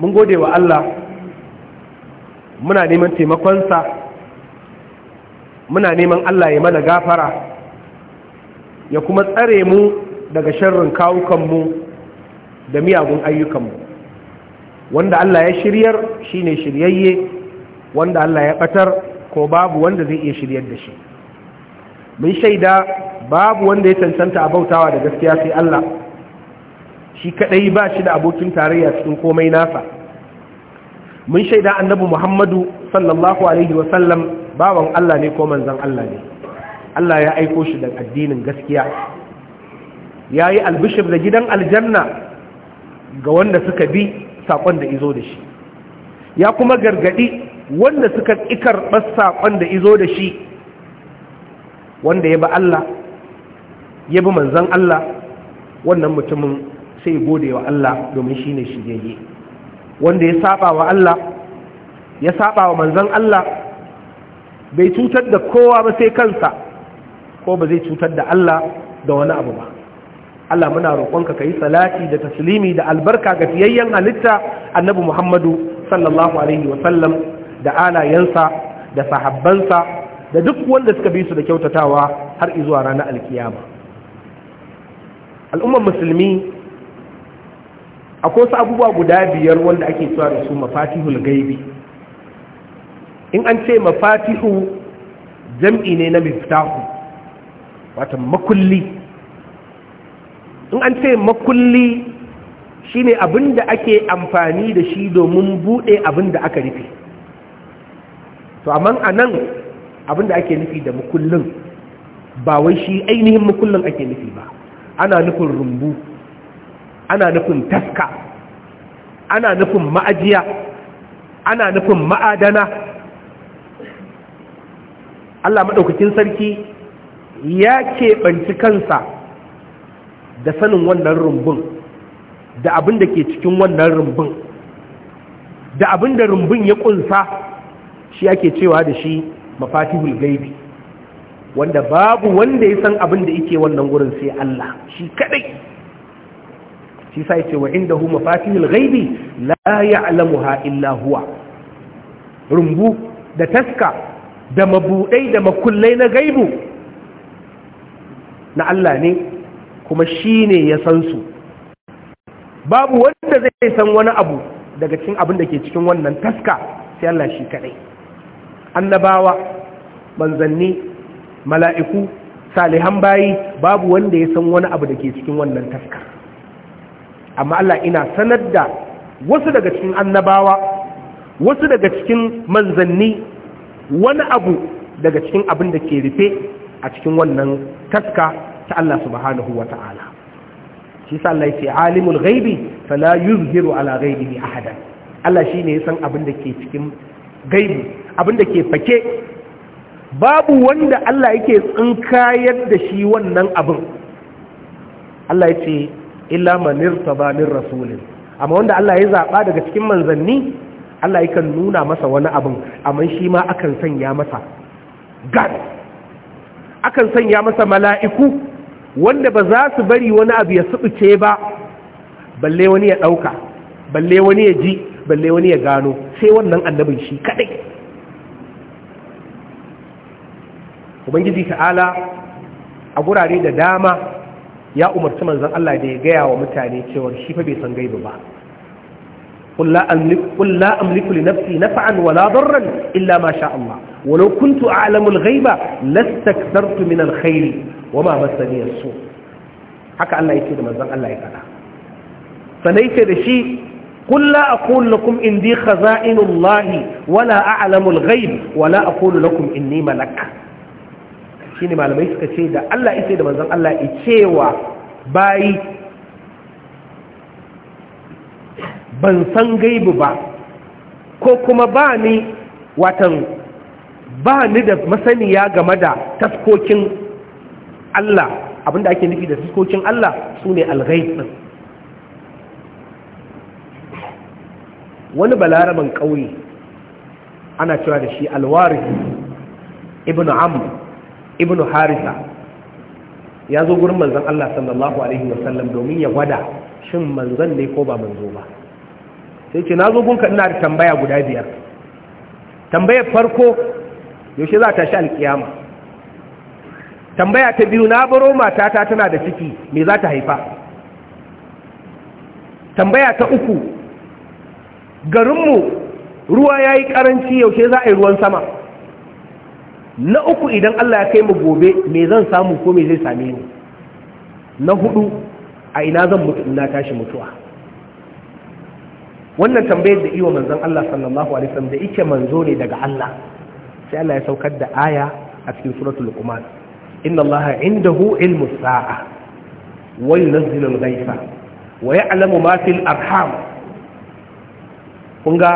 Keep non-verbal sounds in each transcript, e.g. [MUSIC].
mun gode wa Allah muna neman taimakonsa muna neman Allah ya mana gafara ya kuma tsare mu daga sharrin kawukanmu da miyagun ayyukanmu wanda Allah ya shiryar shi ne shiryayye wanda Allah ya ɓatar, ko babu wanda zai iya shiryar da shi mun shaida babu wanda ya cancanta a bautawa da gaskiya sai Allah shi kaɗai ba shi da abokin tarayya cikin komai nasa mun shaida annabi muhammadu sallallahu alaihi wasallam bawan allah ne ko manzan allah ne allah ya aiko shi da addinin gaskiya ya yi albishir da gidan aljanna ga wanda suka bi saƙon da izo da shi ya kuma gargaɗi wanda suka ikar ɓas saƙon da izo da shi wanda ya bi allah ya bi manzan allah wannan mutumin sai gode wa Allah domin shi ne wanda ya saba wa Allah ya saba wa manzan Allah bai cutar da kowa ba sai kansa ko ba zai cutar da Allah da wani abu ba Allah muna roƙonka ka salati da taslimi da albarka ga fiyayyen halitta annabi Muhammadu sallallahu alaihi sallam, da alayensa da sahabbansa da duk wanda suka bi su da kyautatawa har izuwa ranar alkiyama al'ummar musulmi akwai wasu abubuwa guda biyar wanda ake cewa da su mafatihul gaibi in an ce mafatihu jam'i ne na miftahu wata makulli in an ce makulli shine abin da ake amfani da shi domin buɗe abin da aka rufe to amma a nan abin da ake nufi da makullin ba wai shi ainihin makullin ake nufi ba ana nufin rumbu ana nufin taska ana nufin ma'ajiya ana nufin ma'adana Allah maɗaukakin sarki ya keɓanci kansa da sanin wannan rumbun da abin da ke cikin wannan rumbun da abin da rumbun ya ƙunsa shi ake cewa da shi mafatihul gaibi wanda babu wanda ya san abin da yake wannan gurin sai Allah shi kadai shi sa yace wa indahu mafatihul ghaibi la ya'lamuha illa huwa rumbu da taska da mabudai da makullai na gaibu na Allah ne kuma shine ya san su babu wanda zai san wani abu daga cikin abin da ke cikin wannan taska sai Allah shi kadai annabawa manzanni mala'iku salihan bayi babu wanda ya san wani abu da ke cikin wannan taska. amma Allah ina sanar da wasu daga cikin annabawa wasu daga cikin manzanni wani abu daga cikin abin da ke rufe a cikin wannan taska ta Allah subhanahu wa ta'ala shi sa Allah ya ce alimul ghaibi fala yuzhiru ala ghaibihi ahada Allah ne ya san abin da ke cikin gaibi abin da ke fake babu wanda Allah yake tsinkayar da shi wannan abin Allah ya ce illa manir ba min rasulin amma wanda Allah ya zaɓa daga cikin manzanni Allah yakan nuna masa wani abin amma shi ma akan sanya masa gad akan sanya masa mala'iku wanda ba za su bari wani abu ya subuce ba balle wani ya ɗauka balle wani ya ji balle wani ya gano sai wannan annabin shi kaɗai ubangiji ta'ala a gurare da dama ya umarci manzon Allah da ya gaya wa mutane cewa shi fa bai san gaibi ba قل لا أملك, قل لا أملك لنفسي نفعا ولا ضرا إلا ما شاء الله ولو كنت أعلم الغيب لاستكثرت من الخير وما مسني السوء haka Allah yake da manzon Allah ya faɗa sanai ce da shi قل لا أقول لكم إني خزائن الله ولا أعلم الغيب ولا أقول لكم إني ملك ne malamai suka ce da Allah ita da manzan Allah ya cewa bayi ban san gaibu ba ko kuma ba ni watan ba ni da masaniya game da taskokin Allah abinda ake nufi da taskokin Allah Su sune alghaib wani balaraban ƙauye ana cewa da shi alwari ibn amr ibnu harisa ya zo gurin manzon Allah sallallahu alaihi wasallam domin ya gwada shin manzon ne ko ba manzo ba sai ce na zo gunka ina da tambaya guda biyar tambayar farko yaushe za ta shi alkiyama tambaya ta biyu na baro matata tana da ciki me za ta haifa tambaya ta uku garinmu ruwa ya yi ƙaranci yaushe za a yi ruwan sama na uku idan Allah ya kai mu gobe me zan samu ko me zai same ni na hudu a ina zan mutu ina tashi mutuwa wannan tambayar da iwa manzon Allah sallallahu alaihi wasallam da yake manzo ne daga Allah sai Allah ya saukar da aya a cikin suratul luqman inna Allah indahu ilmu sa'a wa yunzilu al-ghaytha wa ya'lamu ma fil arham kun ga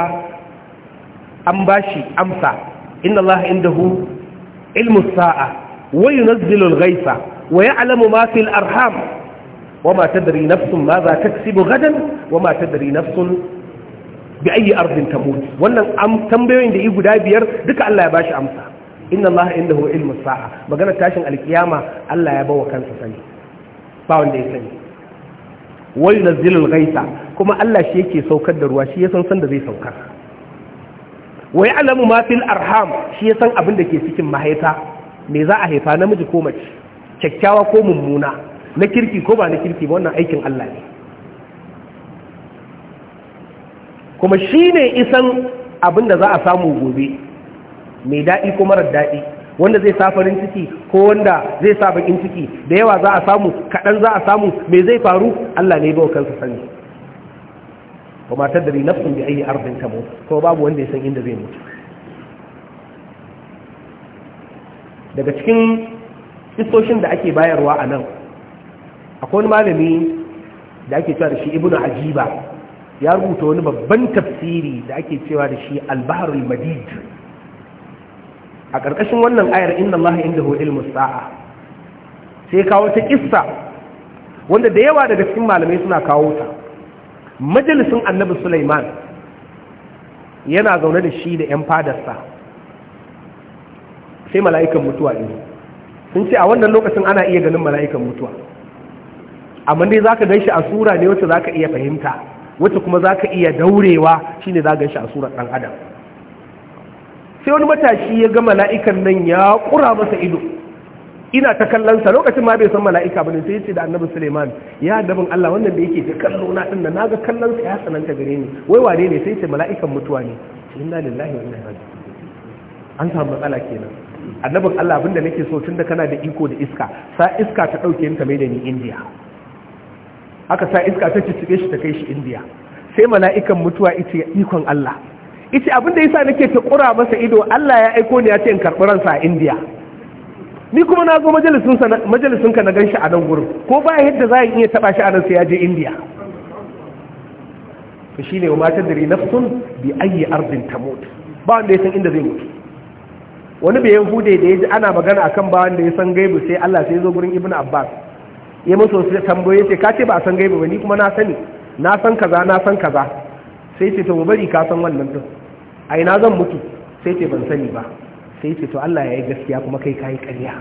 an bashi amsa inna Allah indahu ilmu sa'a wa yunazzilu gaisa, ghaitha wa ya'lamu ma fil arham wa ma tadri nafsun ma za taksibu gadan wa ma tadri nafsun bi ayi ardin tamut wannan tambayoyin da yi guda biyar duka Allah ya bashi amsa inna Allah indahu ilmu sa'a magana tashin alkiyama Allah ya bawa kansa sani ba wanda ya sani wai nazilul gaisa kuma Allah shi yake saukar da ruwa shi ya san san da zai saukar Wai alamu ma fil arham shi ya san abin da ke cikin mahaifa me za a haifa namiji ko mace kyakkyawa ko mummuna na kirki ko ba na kirki ba wannan aikin Allah ne kuma shi ne isan abin da za a samu gobe mai daɗi ko marar daɗi wanda zai sa farin ciki ko wanda zai sa bakin ciki da yawa za a samu kaɗan za a samu me zai faru Allah ne ba kansa sani wa ma tadri nafsun bi ayi ardin tamu ko babu wanda ya san inda zai mutu daga cikin istoshin da ake bayarwa a nan akwai wani malami da ake cewa da shi ibnu ajiba ya rubuta wani babban tafsiri da ake cewa da shi albaharul madid a ƙarƙashin wannan ayar inna allaha indahu ilmu sa'a sai kawo ta kissa wanda da yawa daga cikin malamai suna kawo ta majalisin annabi Suleiman yana zaune da shi da 'yan fadarsa sai mala'ikan mutuwa ne sun ce a wannan lokacin ana iya ganin mala'ikan mutuwa amma dai za ka gan shi a sura ne wacce za ka iya fahimta wacce kuma za ka iya daurewa shi ne za gan shi a sura ɗan adam sai wani matashi ya ga mala'ikan nan ya ƙura masa ido ina ta kallon sa lokacin ma bai san mala'ika bane sai yace da annabi Suleiman ya annabin Allah wannan da yake ta kallo na din na ga kallon sa ya sananta gare ni wai wane ne sai yace mala'ikan mutuwa ne inna lillahi wa inna ilaihi raji'un an samu matsala kenan annabin Allah abinda nake so tunda kana da iko da iska sa iska ta dauke ni ta mai da ni India haka sa iska ta ciccibe shi ta kai shi India sai mala'ikan mutuwa ita ikon Allah ita abinda yasa nake ta kura masa ido Allah ya aiko ni ya ce in karɓi ransa a India ni kuma na zo ka na gan shi a nan gurin ko ba yadda za a iya taɓa shi a nan sai ya je indiya to shi ne wa matar da sun bi ayi arzin ta mutu ba wanda ya san inda zai mutu wani bai hude da ya ji ana magana a kan ba wanda ya san gaibu sai allah sai zo gurin ibn abbas ya maso su tambaye ce ka ce ba a san gaibu ba ni kuma na sani na san kaza na san kaza sai ce to bari ka san wannan din ai na zan mutu sai ce ban sani ba sai ce to Allah ya yi gaskiya kuma kai yi ƙarya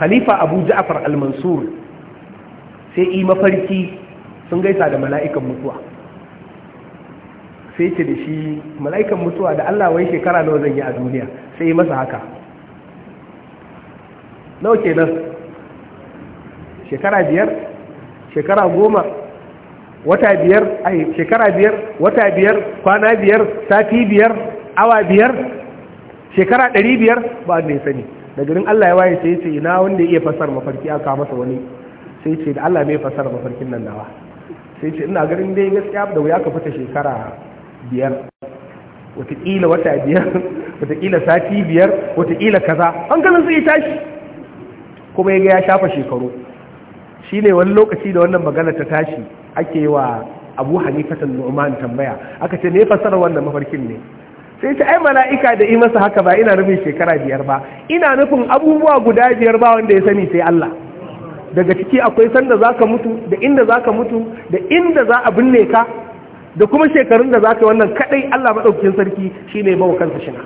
khalifa abu ja'far al-mansur sai yi mafarki sun gaisa da mala'ikan mutuwa sai ce da shi mala'ikan mutuwa da Allah wai shekara nawa zan yi a duniya sai yi masa haka nawa kenan shekara biyar shekara goma wata biyar ai shekara biyar wata biyar kwana biyar sati biyar awa biyar shekara ɗari biyar ba ne sani daga garin Allah ya waye sai ce ina wanda ya iya fasar mafarki aka masa wani sai ce da Allah mai fasar mafarkin nan nawa sai ce ina garin dai gaskiya da wuya ka fita shekara biyar wataƙila wata biyar [LAUGHS] wataƙila sati biyar wataƙila kaza su zai tashi kuma ya ga ya shafa shekaru shi ne wani lokaci da wannan magana ta tashi ake wa abu hanifatan nu'man tambaya aka ce ne fasarar wannan mafarkin ne sai ta ai mala'ika da yi masa haka ba ina nufin shekara biyar ba ina nufin abubuwa guda biyar ba wanda ya sani sai Allah daga ciki akwai sanda za ka mutu da inda za ka mutu da inda za a binne ka da kuma shekarun da za ka wannan kadai Allah maɗaukin sarki shi ne bawa kansa shina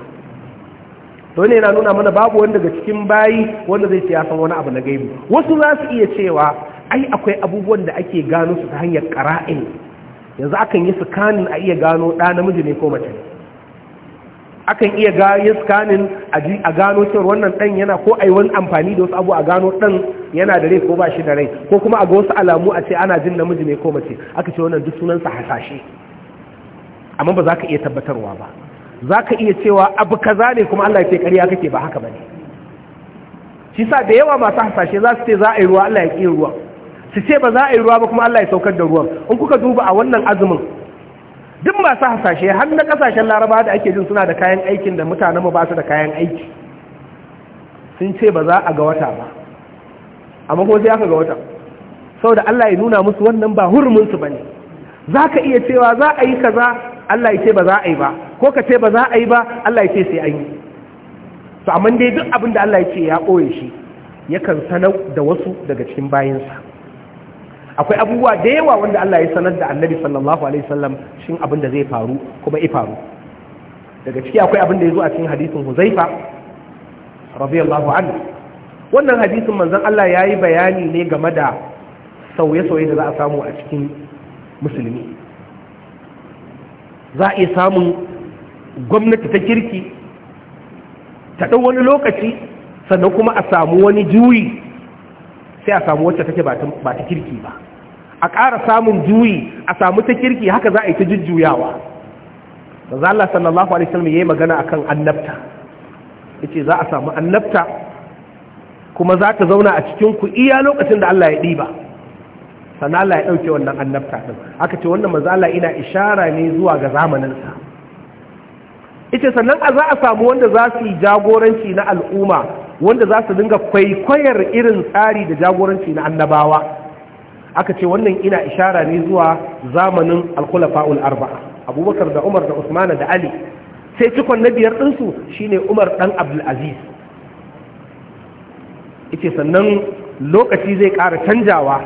to ne na nuna mana babu wanda daga cikin bayi wanda zai ce ya san wani abu na gaibi wasu za su iya cewa ai akwai abubuwan da ake gano su ta hanyar ƙara'in yanzu akan yi su kanin a iya gano ɗa namiji ne ko mace ne akan iya yin scanning a gano cewar wannan ɗan yana ko a wani amfani da wasu abu a gano ɗan yana da rai ko ba shi da rai ko kuma a ga wasu alamu a ce ana jin namiji ne ko mace aka ce wannan duk sunansa hasashe amma ba za ka iya tabbatarwa ba za ka iya cewa abu kaza ne kuma Allah ya ce ƙarya kake ba haka ba ne shi sa da yawa masu hasashe za su ce za a yi ruwa Allah ya ƙi ruwa su ce ba za a yi ruwa ba kuma Allah ya saukar da ruwan in kuka duba a wannan azumin masu hasashe har na kasashen laraba da ake jin suna da kayan aikin da mutanen ba su da kayan aiki sun ce ba za a ga wata ba amma ko sai aka ga wata Sau da Allah ya nuna musu wannan ba hurumin su za ka iya cewa za a yi kaza Allah ya ce ba za a yi ba ko ka ce ba za a yi ba Allah ya ce sai an yi to amma dai duk abin da Allah ya ce ya ɓoye shi yakan sanau da wasu daga cikin bayansa. akwai abubuwa da yawa wanda Allah ya sanar da annabi sallallahu alaihi wasallam shin abin da zai faru kuma ya faru daga ciki akwai abin da ya zo a cikin hadisin huzaifa radiyallahu anhu wannan hadisin manzon Allah ya yi bayani ne game da sauye-sauye da za a samu a cikin musulmi za a iya samun gwamnati ta kirki ta ɗau wani lokaci sannan kuma a samu wani juyi sai a samu wacce take ba ta kirki ba a ƙara samun juyi a samu ta kirki haka za a yi ta jujjuyawa za Allah sallallahu alaihi wasallam yayi magana akan annabta yace za a samu annabta kuma za ta zauna a cikin ku iya lokacin da Allah ya diba sannan Allah ya dauke wannan annabta din Haka ce wannan manzo Allah ina ishara ne zuwa ga zamanin sa yace sannan a za a samu wanda za su yi jagoranci na al'umma wanda za su dinga kwaikwayar irin tsari da jagoranci na annabawa aka ce wannan ina ishara ne zuwa zamanin alkulafaul arba'a abubakar da umar da usmana da ali sai cikon na biyar ɗinsu shine umar ɗan abdulaziz ita sannan lokaci zai ƙara canjawa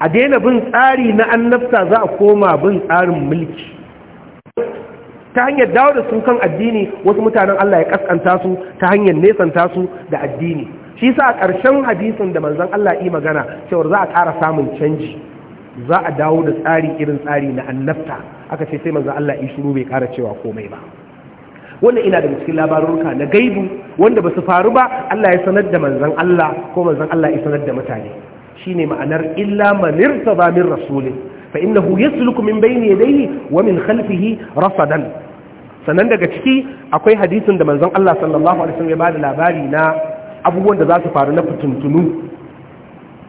a daina bin tsari na annabta za a koma bin tsarin mulki ta hanyar dawo da sukan kan addini wasu mutanen Allah ya kaskanta su ta hanyar nesanta su da addini shi sa ƙarshen hadisin da manzon Allah yi magana cewar za a ƙara samun canji za a dawo da tsari irin tsari na annabta aka ce sai manzon Allah yi shiru bai ƙara cewa komai ba wannan ina daga cikin labarurka na gaibu wanda ba su faru ba Allah ya sanar da manzon Allah ko manzon Allah ya sanar da mutane shine ma'anar illa manir ba min rasulin fa innahu yasluku min bayni yadayhi wa min khalfihi rasadan sannan daga ciki akwai hadisin da manzon Allah sallallahu alaihi wasallam ya bada labari na abubuwan da za su faru na fitintunu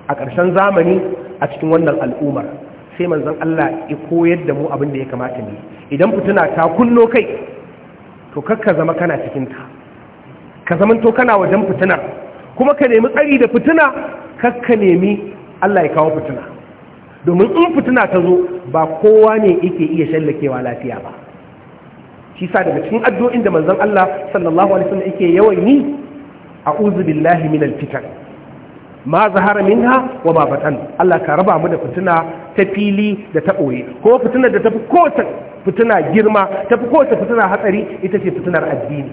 a ƙarshen zamani a cikin wannan al'ummar sai manzan Allah ya koyar da mu abin da ya kamata ne idan fituna ta kunno kai to kakka zama kana cikin ta ka zama to kana wajen fitinar kuma ka nemi tsari da fitina kakka nemi Allah ya kawo fituna. domin in fituna ta zo ba kowa ne yake iya shallakewa lafiya ba shi sa daga cikin addu'o'in da manzon Allah sallallahu alaihi wasallam yake yawan yi a'udhu billahi minal fitan ma zahara minha wa ma batan Allah ka raba mu da fitina ta fili da ta boye ko fitina da tafi ko ta fitina girma tafi ko ta fitina hatsari ita ce fitinar addini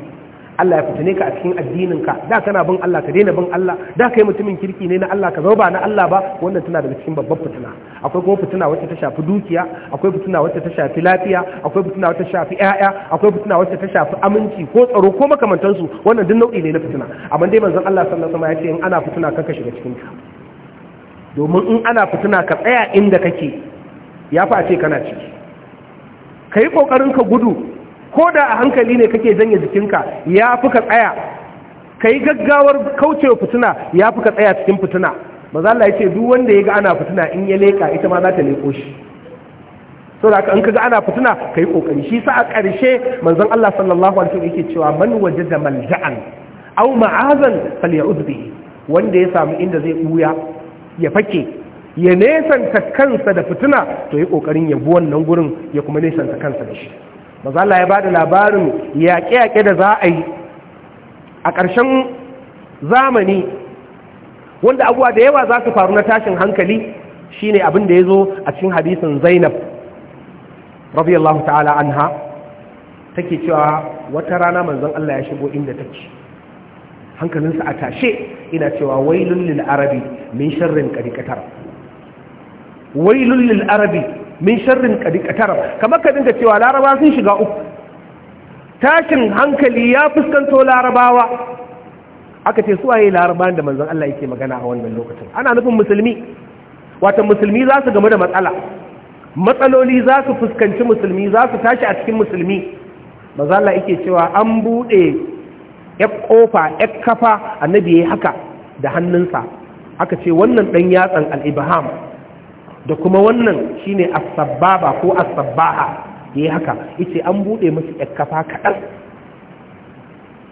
Allah ya fitine ka a cikin addinin ka da kana bin Allah ka daina bin Allah da kai mutumin kirki ne na Allah ka ba na Allah ba wannan tana daga cikin babbar fitina akwai kuma fitina wacce ta shafi dukiya akwai fitina wacce ta shafi lafiya akwai fitina wacce ta shafi ƴaƴa akwai fitina wacce ta shafi aminci ko tsaro ko su wannan duk nau'i ne na fitina amma dai manzon Allah sallallahu alaihi wasallam ya ce in ana fitina kanka shiga cikin ta domin in ana fitina ka tsaya inda kake ya fa a ce kana ciki ka kokarin ka gudu ko da a hankali ne kake janye jikinka ya fi ka tsaya ka yi gaggawar kaucewa fituna ya fi ka tsaya cikin fituna Ba za ya ce duk wanda ya ga ana fituna in ya leƙa ita ma za ta leƙo shi sau da an kaga ana fituna ka yi ƙoƙari shi sa a ƙarshe manzon Allah sallallahu alaihi wasallam yake cewa man waje da malja'an aw ma'azan falya'ud bihi wanda ya samu inda zai buya ya fake ya nesanta kansa da fituna to yi ƙoƙarin ya bi wannan gurin ya kuma nesanta kansa da shi maza Allah ya ba da labarin yaƙe-yaƙe da za a yi a ƙarshen zamani wanda abuwa da yawa za su faru na tashin hankali shi ne abin da ya zo a cikin hadisin zainab radiyallahu ta'ala an anha take cewa wata rana manzan Allah ya shigo inda ta ce hankalinsa a tashe ina cewa wailul lil arabi min sharrin qad wai lil arabi min sharrin kadi kamar ka dinga cewa laraba sun shiga uku tashin hankali ya fuskanto larabawa aka ce suwaye larabawan da manzon Allah yake magana a wannan lokacin ana nufin musulmi wata musulmi za su game da matsala matsaloli za su fuskanci musulmi za su tashi a cikin musulmi manzon Allah yake cewa an bude ya kofa ya kafa annabi yayi haka da hannunsa aka ce wannan dan yatsan al-ibham da kuma wannan shine ne asabba ko as ya yi haka ita an buɗe musu kafa kaɗan.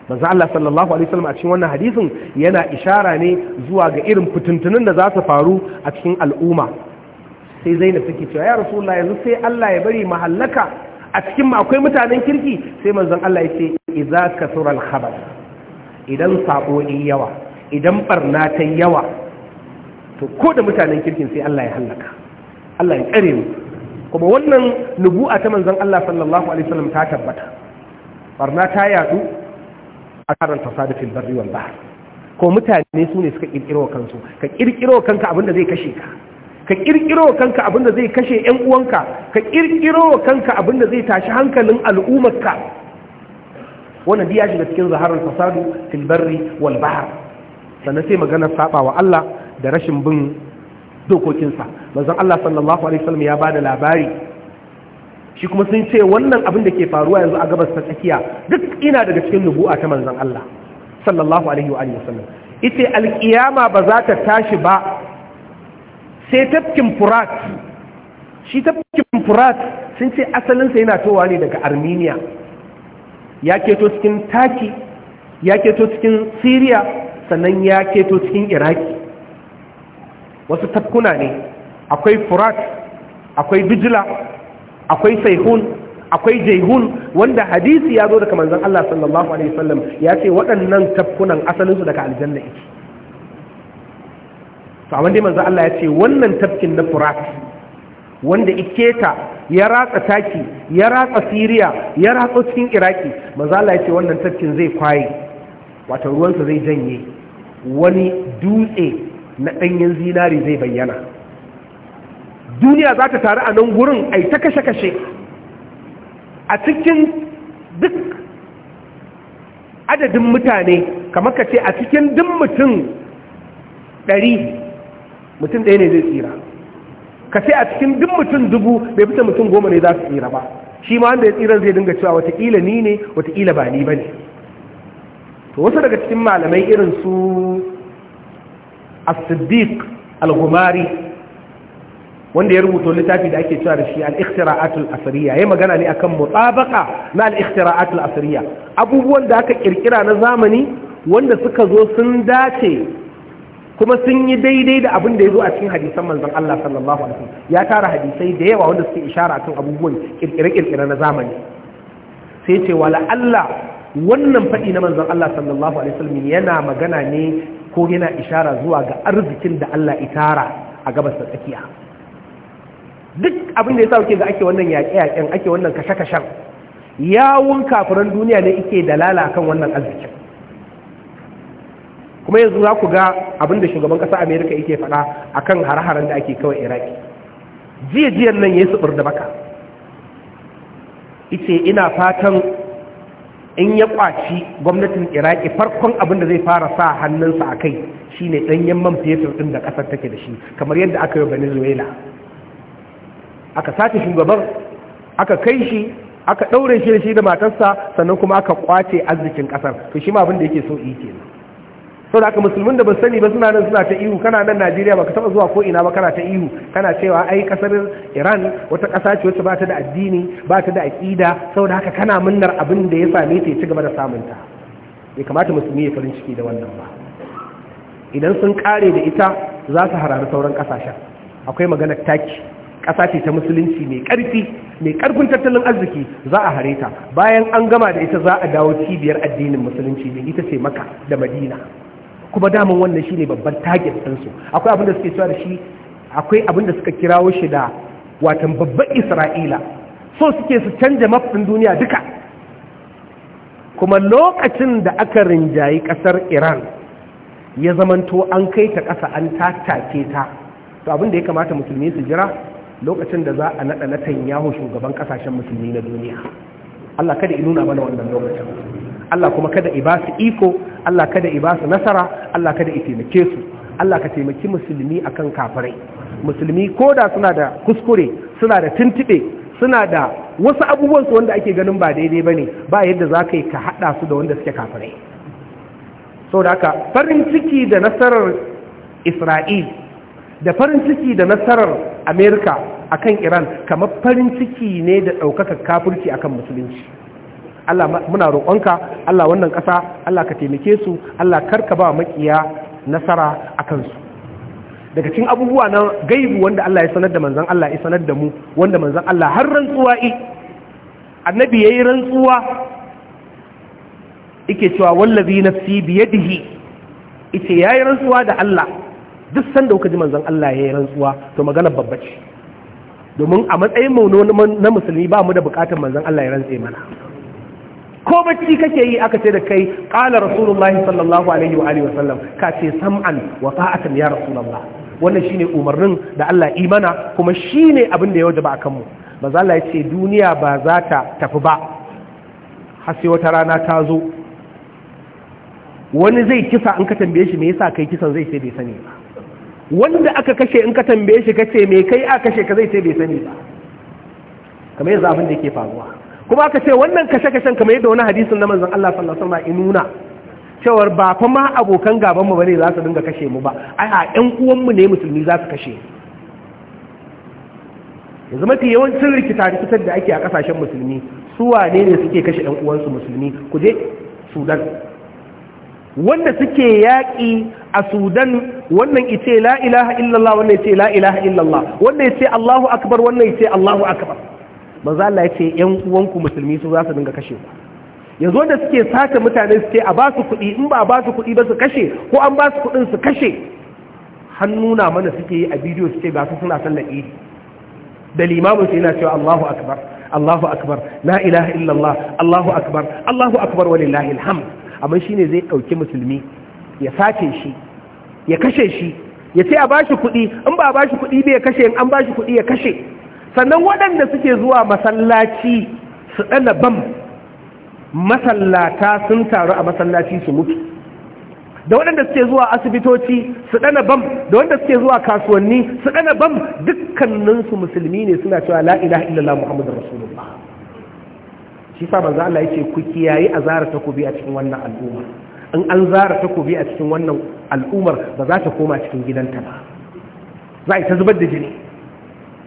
maza Allah sallallahu alaihi wasallam a cikin wannan hadisin yana ishara ne zuwa ga irin fitintunin da za su faru a cikin al'umma sai Zainab suke cewa ya Rasulullahi yanzu sai Allah ya bari mahallaka a cikin akwai mutanen kirki sai manzan Allah ya ce idza ka al habar idan sabo yawa idan barna ta yawa to ko da mutanen kirkin sai Allah ya hallaka Allah ya tsare mu kuma wannan nubu'a ta manzon Allah sallallahu alaihi wasallam ta tabbata barna ta yadu a karan tasadufin barri wal bahr ko mutane su ne suka kirkiro kansu ka kirkiro kanka abinda zai kashe ka ka kirkiro kanka abinda zai kashe yan uwanka ka kirkiro kanka abinda zai tashi hankalin al'ummarka wannan biya da cikin zaharar fasadu fil barri wal bahr sannan sai maganar saba wa Allah da rashin bin dokokinsa manzon Allah sallallahu alaihi wasallam ya bada labari shi kuma sun ce wannan abin da ke faruwa yanzu a gabas ta tsakiya duk ina daga cikin nubu'a ta manzon Allah sallallahu alaihi wa alihi wasallam ita alkiyama ba za ta tashi ba sai tafkin furat shi tafkin furat sun ce asalinsa yana towa ne daga armenia ya keto cikin taki ya keto cikin syria sannan ya keto cikin iraki wasu tafkuna ne akwai furat akwai bijila akwai saihun akwai jaihun wanda hadisi ya zo daga manzon Allah sallallahu alaihi wasallam ya ce waɗannan tafkunan asalinsu daga aljanna yake to amma dai manzon Allah ya ce wannan tafkin na furat wanda iketa ya ratsa taki ya ratsa siriya ya ratsa cikin iraki manzon Allah ya ce wannan tafkin zai kwaye wato ruwansa zai janye wani dutse na ɗanyen zinari zai bayyana duniya za ta taru a nan gurin yi ta kashe-kashe a cikin duk adadin mutane kamar ka ce a cikin duk mutum ɗari mutum ɗaya ne zai tsira ka ce a cikin duk mutum dubu bai fita mutum goma ne za su tsira ba shi ma wanda ya tsira zai dinga cewa watakila ni ne watakila ba ni ba ne to wasu daga cikin malamai irin su as-siddiq al wanda ya rubuta littafi da ake cewa da shi al-ikhtira'atul asriya yayi magana ne akan mutabaqa na al-ikhtira'atul asriya abubuwan da aka kirkira na zamani wanda suka zo sun dace kuma sun yi daidai da abin da ya zo a cikin hadisan manzon Allah sallallahu alaihi wasallam ya tara hadisai da yawa wanda suke ishara akan abubuwan kirkire-kirkire na zamani sai ce wala Allah wannan faɗi na manzon Allah sallallahu alaihi wasallam yana magana ne ko yana ishara zuwa ga arzikin da Allah itara a gabas da tsakiya duk abin da ya sa kuke ga ake wannan yaƙe-yaƙen ake wannan kashe-kashen yawun kafiran duniya ne ike dalala kan wannan arzikin kuma yanzu za ku ga abin da shugaban ƙasa amerika yake faɗa a kan hare-haren da ake kawai iraki jiya-jiyan nan ya yi suɓur da baka ice ina fatan in ya kwaci gwamnatin iraki farkon abin da zai fara sa hannunsa a kai shi ne ɗanyen man fetur ɗin da ƙasar take da shi kamar yadda aka yi venezuela aka sace shugaban aka kai shi aka ɗaure shi da shi da matarsa sannan kuma aka kwace arzikin ƙasar to shi ma abin da yake so yi kenan sau da aka musulmin da ba sani ba suna nan suna ta ihu kana nan najeriya ba ka taba zuwa ko ina ba kana ta ihu kana cewa ai kasar iran wata kasa ce wacce ba ta da addini ba ta da aƙida sau da haka kana munnar abin da ya same ta ya ci gaba da samunta bai kamata musulmi ya farin ciki da wannan ba idan sun kare da ita za su harari sauran kasashen akwai maganar taki ƙasa ce ta musulunci mai karfi mai karfin tattalin arziki za a hare ta bayan an gama da ita za a dawo cibiyar addinin musulunci ne ita ce maka da madina kuma daman wannan ne babban target ɗansu akwai abin da suke cewa da shi akwai abin suka kirawo shi da watan babban isra'ila so suke su canja mafin duniya duka kuma lokacin da aka rinjayi ƙasar iran ya zamanto an kai ta ƙasa an tattake ta to abin ya kamata musulmi su jira lokacin da za a naɗa na tanyahu shugaban ƙasashen musulmi na duniya allah kada nuna mana wannan lokacin Allah kuma kada i ba su iko Allah kada i ba su nasara Allah kada i taimake su Allah ka taimaki musulmi akan kafirai musulmi ko da suna da kuskure suna da tuntube suna da wasu abubuwan wanda ake ganin ba daidai ba ne, ba yadda za ka yi ka haɗa su da wanda suke kafirai sau da haka farin ciki da nasarar isra'il da farin ciki da nasarar amerika akan iran kamar farin ciki ne da ɗaukakar kafirci akan musulunci Allah muna roƙonka Allah wannan ƙasa Allah ka taimake su Allah karka ba makiya nasara a kansu daga cikin abubuwa na gaibu wanda Allah ya sanar da manzon Allah ya sanar da mu wanda manzon Allah har rantsuwa i annabi yayi rantsuwa yake cewa wallazi nafsi yadihi yace yayi rantsuwa da Allah duk sanda kuka ji manzon Allah yayi rantsuwa to magana babba ce domin a matsayin mu na musulmi ba mu da bukatar manzon Allah ya rantse mana ko bacci kake yi aka ce da kai qala rasulullahi sallallahu alaihi wa alihi wa sallam ka ce sam'an wa ta'atan ya rasulullah wannan shine umarnin da Allah imana kuma shine abin da ya wajaba akan mu manzo Allah ya ce duniya ba za ta tafi ba har sai wata rana ta zo wani zai kisa in ka tambaye shi me yasa kai kisan zai ce bai sani ba wanda aka kashe in ka tambaye shi kace me kai aka kashe ka zai ce bai sani ba kamar yanzu abin da yake faruwa kuma aka ce wannan kashe-kashen kamar yadda wani hadisin na manzon Allah sallallahu alaihi wasallam inuna cewar ba fa ma abokan gaban mu bane za su dinga kashe mu ba ai a ƴan uwan mu ne musulmi za su kashe yanzu mafi yawancin rikita rikitar da ake a kasashen musulmi su wane ne suke kashe ƴan uwansu musulmi ku je Sudan wanda suke yaƙi a Sudan wannan ice la ilaha illallah wannan ice la ilaha illallah wannan ce Allahu akbar wannan ce Allahu akbar manzo Allah ya ce yan uwanku musulmi su za su dinga kashe ku yanzu da suke sata mutane su ce a ba su kuɗi in ba a ba su kuɗi ba su kashe ko an ba su kuɗin su kashe hannuna mana suke yi a bidiyo suke ce su suna sallar idi da limamin sai yana cewa Allahu akbar Allahu akbar la ilaha illallah Allahu akbar Allahu akbar walillahi alhamd amma shine zai dauki musulmi ya sace shi ya kashe shi ya ce a bashi kuɗi in ba a bashi kuɗi ya kashe in an bashi kuɗi ya kashe sannan waɗanda suke zuwa masallaci su ɗana bam masallata sun taru a masallaci su mutu da waɗanda suke zuwa asibitoci su ɗana bam da waɗanda suke zuwa kasuwanni su ɗana bam dukkaninsu musulmi ne suna cewa la'ila illallah muhammadu rasulullah shi sa manzo Allah yace ku a zara takobi a cikin wannan al'umma in an zara takobi a cikin wannan al'ummar ba za ta koma cikin gidanta ba za ta zubar da jini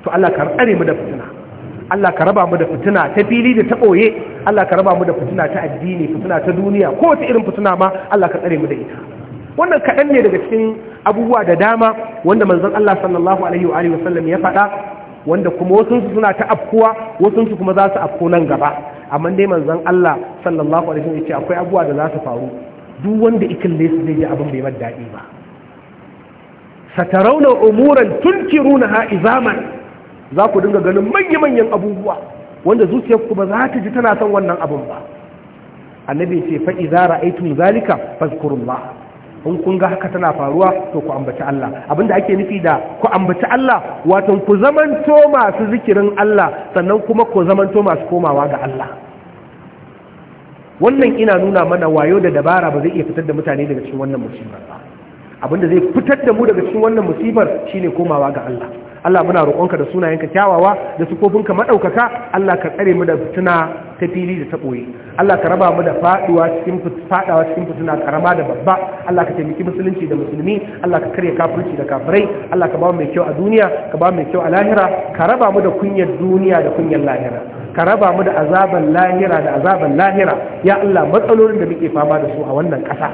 to Allah ka tsare mu da fitina Allah ka raba mu da fitina ta fili da ta ɓoye Allah ka raba mu da fitina ta addini fitina ta duniya ko wata irin fitina ma Allah ka tsare mu da ita wannan kaɗan ne daga cikin abubuwa da dama wanda manzon Allah sallallahu alaihi wa alihi wasallam ya faɗa wanda kuma wasu su suna ta afkuwa wasu su kuma za su afko nan gaba amma dai manzon Allah sallallahu alaihi wa alihi ya ce akwai abubuwa da za su faru duk wanda ikille su zai ji abin bai mar daɗi ba satarauna umuran tunkiruna ha izaman za ku dinga ganin manya-manyan abubuwa wanda zuciyarku ba za ta ji tana son wannan abin ba annabi ce faɗi za ra'aitun zalika fazkurullah in kun ga haka tana faruwa to ku ambaci Allah abinda ake nufi da ku ambaci Allah wato ku zamanto masu zikirin Allah sannan kuma ku zamanto masu komawa ga Allah wannan ina nuna mana wayo da dabara ba zai iya fitar da mutane daga cikin wannan musibar ba abinda zai fitar da mu daga cikin wannan musibar shine komawa ga Allah Allah muna roƙonka da sunayenka kyawawa da sukofinka maɗaukaka Allah ka tsare mu da fitina ta fili da ta ɓoye Allah ka raba mu da faɗuwa cikin faɗawa cikin fitina karama da babba Allah ka taimaki musulunci da musulmi Allah ka karya kafirci da kafirai Allah ka ba mu mai kyau a duniya ka ba mu mai kyau a lahira ka raba mu da kunyar duniya da kunyar lahira ka raba mu da azaban lahira da azaban lahira ya Allah matsalolin da muke fama da su a wannan ƙasa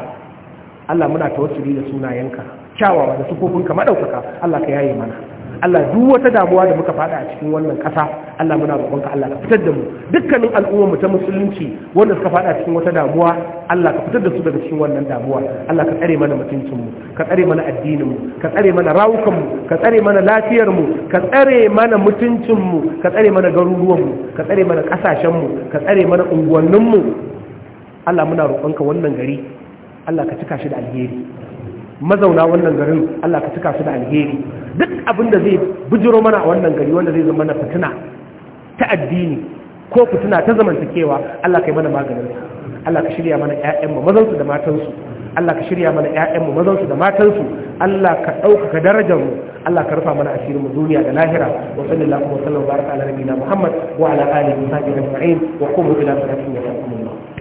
Allah muna tawassuli da sunayenka kyawawa da sukofinka madaukaka Allah ka yaye mana Allah duk wata damuwa da muka fada a cikin wannan ƙasa Allah muna roƙonka Allah ka fitar da mu dukkanin al'ummar mu ta musulunci wanda suka fada cikin wata damuwa Allah ka fitar da su daga cikin wannan damuwa Allah ka tsare mana mutuncin mu ka tsare mana addinin mu ka tsare mana rawukan mu ka tsare mana lafiyar mu ka tsare mana mutuncin mu ka tsare mana garuruwan mu ka tsare mana ƙasashen mu ka tsare mana unguwannin mu Allah muna roƙonka wannan gari Allah ka cika shi da alheri mazauna wannan garin Allah ka cika su da alheri duk abin da zai bujiro mana a wannan gari wanda zai zama na fitina ta addini ko fitina ta zamantakewa Allah ka yi mana maganin Allah ka shirya mana ƴaƴanmu su da su Allah ka shirya mana ƴaƴanmu su da matansu Allah ka ɗaukaka darajar mu Allah ka rufa mana asirin mu duniya da lahira wa sallallahu wa sallam baraka ala nabiyina Muhammad wa ala alihi wa sahbihi ajma'in wa qumu ila salati wa sallam